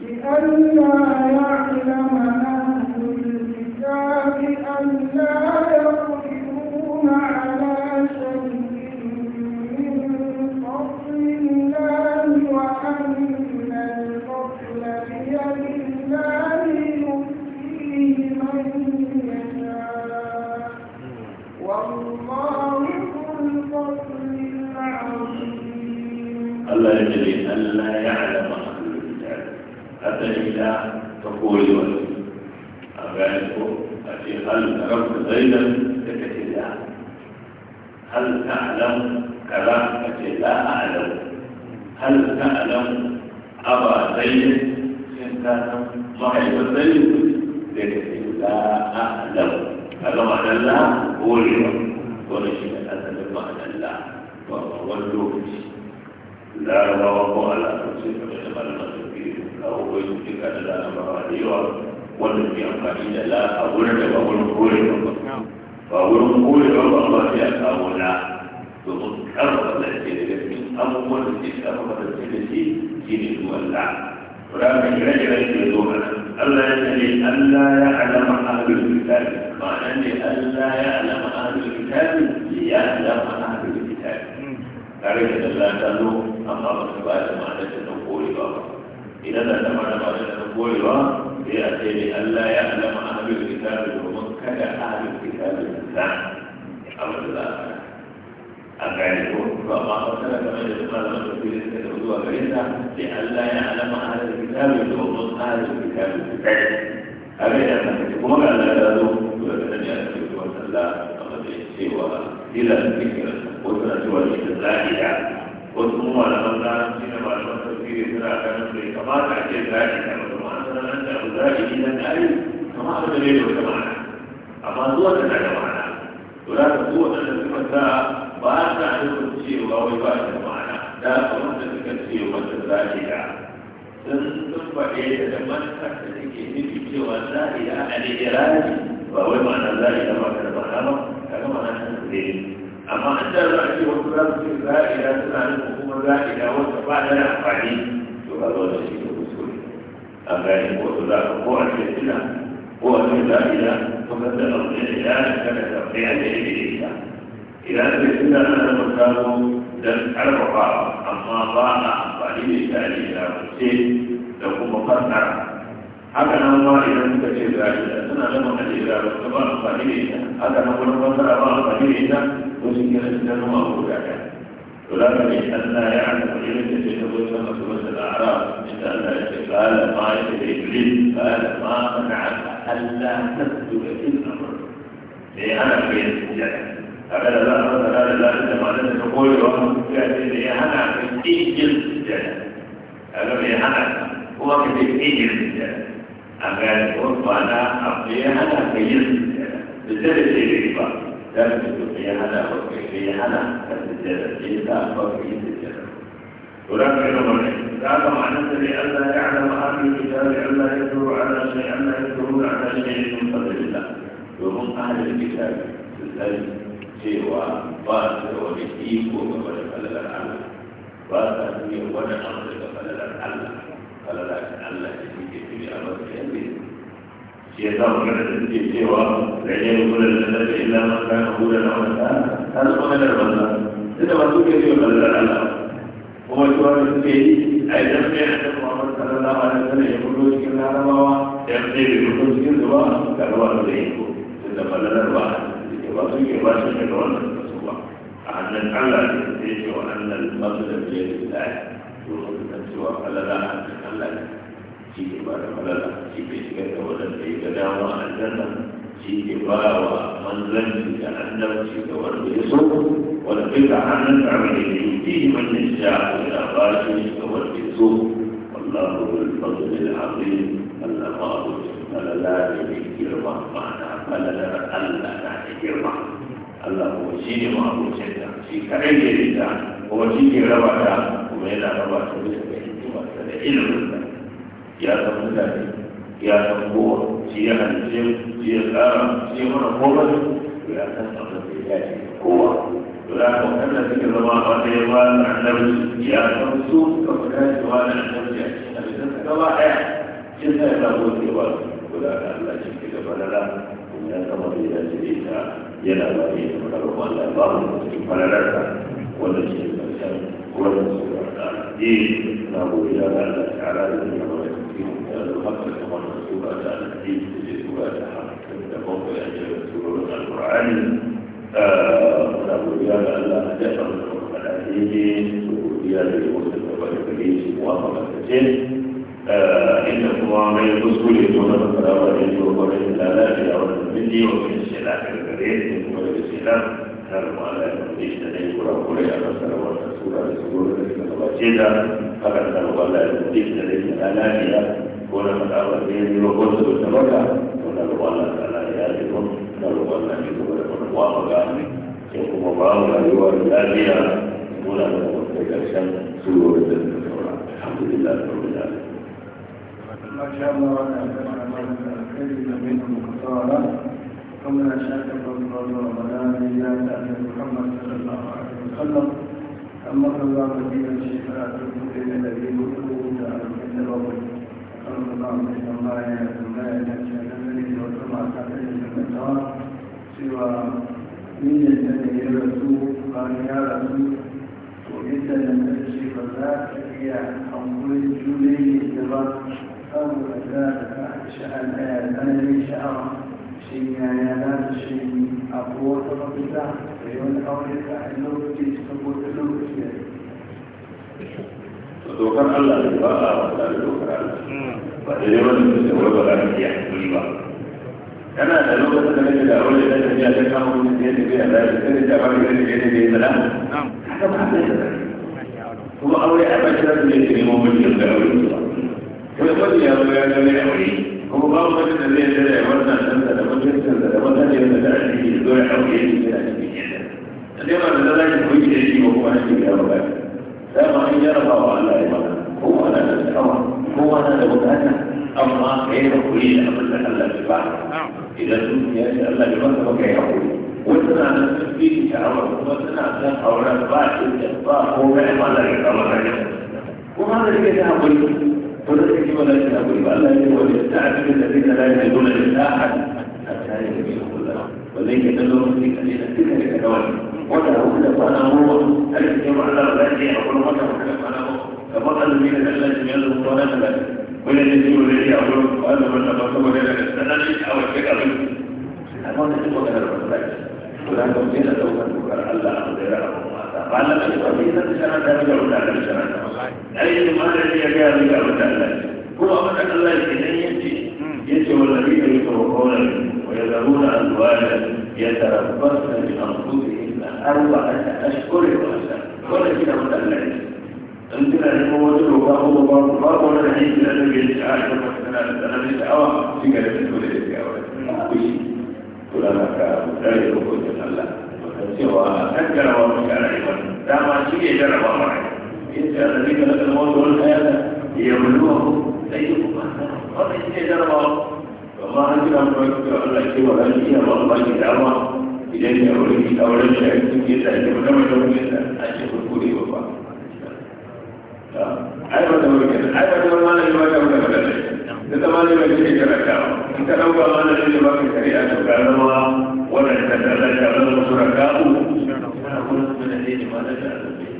لئلا يعلم أهل الكتاب أن لا لا يوافق على تفسير العلماء المسلمين أو يمكن أن لا نمر عليه والذي ينبغي لا أقول لك أقول قولي فأقول قولي الله في أقولنا domin karfafa da ke daga cikin abubuwan da ke karfafa da ke da shi shi ne zuwan da ramin gire-gire ke zo mana Allah ya ce Allah ya alama ahlul kitabi ma'ana ne Allah ya alama ahlul kitabi ya alama ahlul kitabi tare da Allah ta zo amma ba su ba da ma'anar da ta kore ba idan da ta ma'ana ba da ta kore ba sai a ce ne Allah ya alama ahlul kitabi domin kada ahlul kitabi ta abin da za a fara an gane ko to amma ba tana kamar da suna da masu filin da ta zuwa gare ta sai Allah ya alama ahlul kitabi domin ahlul kitabi ta abin da ta kuma ga Allah ya zo da ta ne a cikin wannan Allah a matsayin cewa dilan fikirin ko tana cewa ne ta zahira wasu malaman ranar shi ne malaman tafsiri suna ganin bai kamata a ce zaki da wata ma'ana nan da abu zaki ni nan dari kama abu da bai da wata mana. amma zuwa da daga ma'ana to za ka zuwa da suka sa ba sa nufin cewa wai ba da ma'ana da kamar da suka ce wata zaki da sun sun faɗe da da manta da suke nufi cewa zaki da a ne ba wai ma'ana zaki da ba ta da ma'ana ba kaga ma'ana ta zai amma an da za a ce wasu za su ce za'ida suna nufin kuma za'ida wata ba da amfani to ba zo da shi da kuskure a gani wasu za ko a ce suna ko a ce za'ida kuma da ɗauke da yaran kada da ɗaya da yake da ita idan da suna ana da mutano don ƙarfafa amma ba a amfani da ita ne da da kuma fasara haka nan ma idan suka ce zahira suna da mana jira ba su ba amfani da ita haka nan wani fasara ba amfani da ita ko su kira su zama ma ko gaka to da ka ne Allah ya aka irin da ce ta zo ta masu wata da'ara inda Allah ya ce qala ma ya ce iblis qala ma mana'aka alla tasjuda in amr sai ana koyar sujada kaga da za a fara da lafiya ma da ta koyewa ya ce da ya hana ka yin sujada kaga mai hana kuma ka ce yin sujada أغانيون فأنا أقيها أنا كيس بالذات الشيء ريبا لم تقيها أنا وكيفيها أنا فالذات الشيء لا أفكيس الجنة ولكن أمر هذا معنى لألا يعلم أهل الكتاب ألا يدور على شيء ألا يدور على شيء من فضل الله وهم أهل الكتاب بالذات cewa ba su da wani iko game da falalar Allah ba su da falala ta Allah da kuke tuni a matsayin ne shi ya samu kada da suke cewa da ya yi kula da lalle illa man ka ka kula da wata ta su kuma da banza duka ba su ke yi falala Allah kuma shi wani suke yi a yi dan mai annabi Muhammad sallallahu alaihi wasallam ya fito cikin larabawa ya fito da fito cikin zuwa da ruwa da yanko tunda falalar ba ba su ke ba shi daga wannan kasuwa a hannun Allah ne sai ce wa annal masu da biyar da domin kan a cikin Allah ne shi ke ba da falala shi ke da ya ga dama a aljanna shi da annabci da hannun da abin da ya ga wanda ya so wallahu bil fadl al azim Allah ma abu ne da girma da kuma shi ke raba ta kuma yana raba ta bisa ga hikima da ilimin da ya san mutane ya san kowa shi ya halice shi ya tsara shi ya mana komai ya san abin da ya dace kowa ka wanda suke zama a wanda ya ba na annabci ya san su suka fi dacewa da annabci a cikin halittar ta gaba ɗaya shi sa ya samu wasu yawa guda da Allah shi ke gaba da kuma ya zama da ya ce ita yana ba ya yi da wani abubuwan da ba mu da cikin falalarsa wanda shi ne ƙarshen wannan sura الدين نقول إلى الله تعالى الدنيا أن الخمسة كما الرسول أتى الحديث الرسول أتى حقيقة الموت لأجل الرسول القرآن نقول إلى الله جسر الحديث سوريا للمسلم والإبليس موافقة الجن إنكم من الرسول يدون السلام عليكم ومن الآلاء إلى رب المدي ومن السلاح أن ومن السلاح كانوا على أن أن أن أن أن أن أن يجتنبوا رب العالمين sura da sura da suka gabace da haka da wala da duk da dai da lafiya ko da madawa da ne ko ko su da maka ko da wala da lafiya da ko da wala da ko da wala ga ne sai kuma ba mu rayuwa da lafiya ko da da karshen sura da sura alhamdulillah rabbil alamin ما شاء الله أنا أتمنى الكلمة منهم كثارة ثم شكر الله ولا إله إلا محمد صلى الله عليه وسلم أما الله مدينة الشفاء تكون الذي يقول تعالى إن ربك صلى الله عليه الله لا ينسى نفسه وسمع حسنه المسار سوى من الذي الرسول قال يا رسول وإذا لم تمشي فذاك هي أمر جلي الرب أو ذاك شأن آية أنا لي شعر شيء يا ناس a wata mafita da yi wani a lokaci cikin da a wata kana da lokacin da kake da aure da ta ta kama wani da ya tafi a zai da ta da ya tafi ya zala haka ba ta yi kuma aure a ba da su ne su mulkin da aure su ba kuma wani ya zo ya zama ya aure kuma ba wani da zai zai ya wannan ɗansa da mutuncinsa da mutuncinsa da arziki da zuwa ɗauke ya ce a cikin yadda da zai ba da zai yi da shi ba kuma shi ya ba da ma an yarba wa Allah ya ba kowa na da tsawa kowa na da bukata amma kai da kuri da abin da Allah ya ba idan sun ya ce Allah ya ba ka kai hakuri wasu na da tafi da sha'awar kuma suna son auren ba shi da ba ko kai ma da ya kama kuma da ke da hakuri ولا تجيب ولا تنابل فألا يجب أن يستعجل الذين لا يجدون لأحد حتى يجب الله وليس تدور في كثير تلك الكوان ولا أقول فأنا هو هل يجب على الرجع أقول متى وكلف أنا هو فبطل من الذين يلهم ولا تبال ولا يجب الذي أقول وأنا من نبطل ولا نستنى أو الشكر أما تجيب ولا تنابل ولا تنابل ولا تنابل ولا تنابل قال لك فضيلة سنة بجودة سنة أي ما الذي يبيع بجودة هو أن الله يتنين يجي والذين يتوفون ويذرون أزواجا يتربصن بأنفسهن أربعة أشهر وأشهر ولا كده مدلل أنت لا يموتون وباهم وباهم وباهم ولا نحيي إلى نبي الشعاش ومسنا لسنا لسعوة في كده تقول إيه يا ولد ولا لك لا يموتون dama shi ne jarraba ma in ta da zika na kalmar da wani ayata ya mulwa ku sai yi kuma wannan shi ne jarraba amma an jira mu wani kuma Allah ke wa ran iya ba ba ki dama idan ya wuri ki aure shi a cikin yadda ake mutum da wani yadda ake kurkure ba ba ai ba da wuri ai ba da wani ba da wuri ba da da malami ba shi ne jarraba in ka dauka malami ne ba ka shari'a to ga zama wannan da Allah ya zama suraka ما نجعل في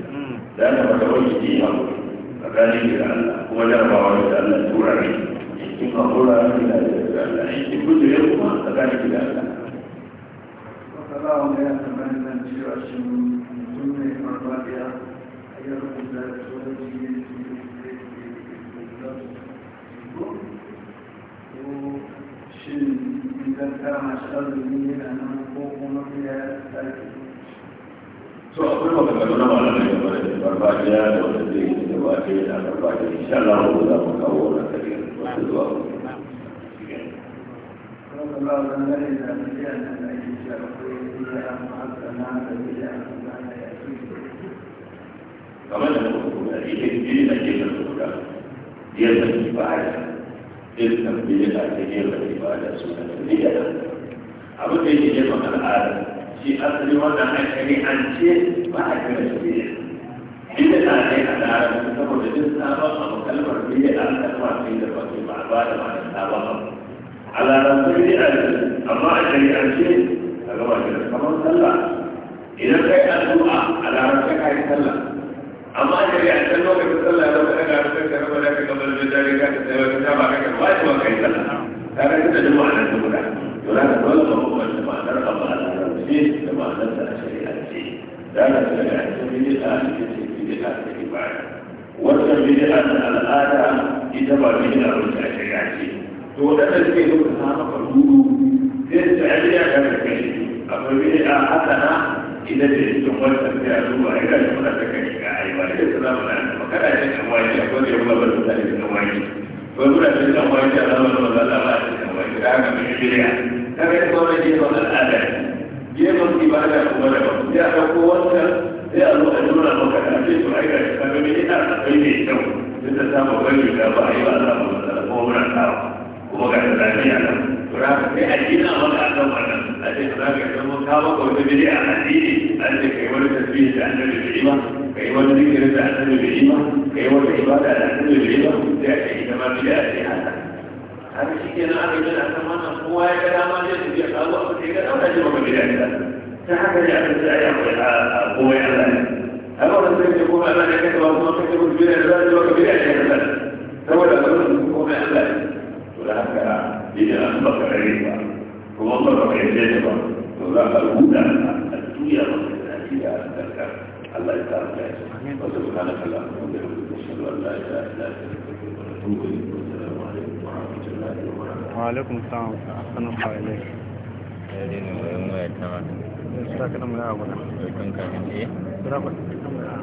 لأن متوجه فكان يجعل هو جرى ويجعل الدور عليه ثم قول إلى العيد كل يوم فكان يجعل فلا يتمنى أن يعيش من ثم أربابها أن يرد زوجه وشن إذا كان شر مني أنا أقوم بها to akwai maganganu na malamai da wani farfajiya da wani zai yi da wace da farfajiya insha Allah ko za mu kawo wannan kare wasu zuwa ku kamar da kuma ita biyu na ke da suka yadda ibada irin biyu na ke da ibada suna da biyu abin da yake jefa al'ada shi asali wanda a ce ba a kira shi biya inda ta ne a larabci saboda duk sabon abu kalmar biya a kalmar biya da ba su ba ba da ba sabon abu a larabci amma a shari'ance a gaba da kamar sallah idan kai addu'a a larabci ka yi sallah amma a shari'ance lokacin sallah ya zama daga harkar da rama da ka gabar da jari ka ta tsaye ta ba ka ka ba ka sallah ta ka jama'a dana da ya ce bid'a ta ta al'ada ita ba bid'a ba ta shari'a ce to wadanda suke yi ka samu ka dudu sai su yi ya ga kai akwai bid'a hasana ita ce cikin wannan sai a duba ya ga kuma ta kai ga ai ba da suna mana ba ka ya ce wani ya da ba ba ta ka wani ko muna da kan wani da Allah ba za ta ba da wani da ga bid'a kaga ko ne ko al'ada ne ko ibada kuma da da ba a yi ba za mu da kuma muna kawo kuma ga da lafiya nan to da ka sai addinin wani akan wannan a ce za ka ga mun kawo ka wata bidiya a addini an ce kai wani tasbihi da annabi da ima kai wani zikirin da annabi da ima kai wani ibada da annabi da ima sai a ce ita ma bidiya ce haka haka shi ke nan aka yi da akan wannan kowa ya ga dama zai tafiya kawo a kusa ya ga ɗauka ce maka bidiya ce فهذا يعتمد على قوة الله أمر النبي يقول أما كتب الله كتب بلا عباد وكبلا وعليكم السلام أحسن الله إليك يا دين ويوم ويتنمى ساكن من أبونا ساكن من أبونا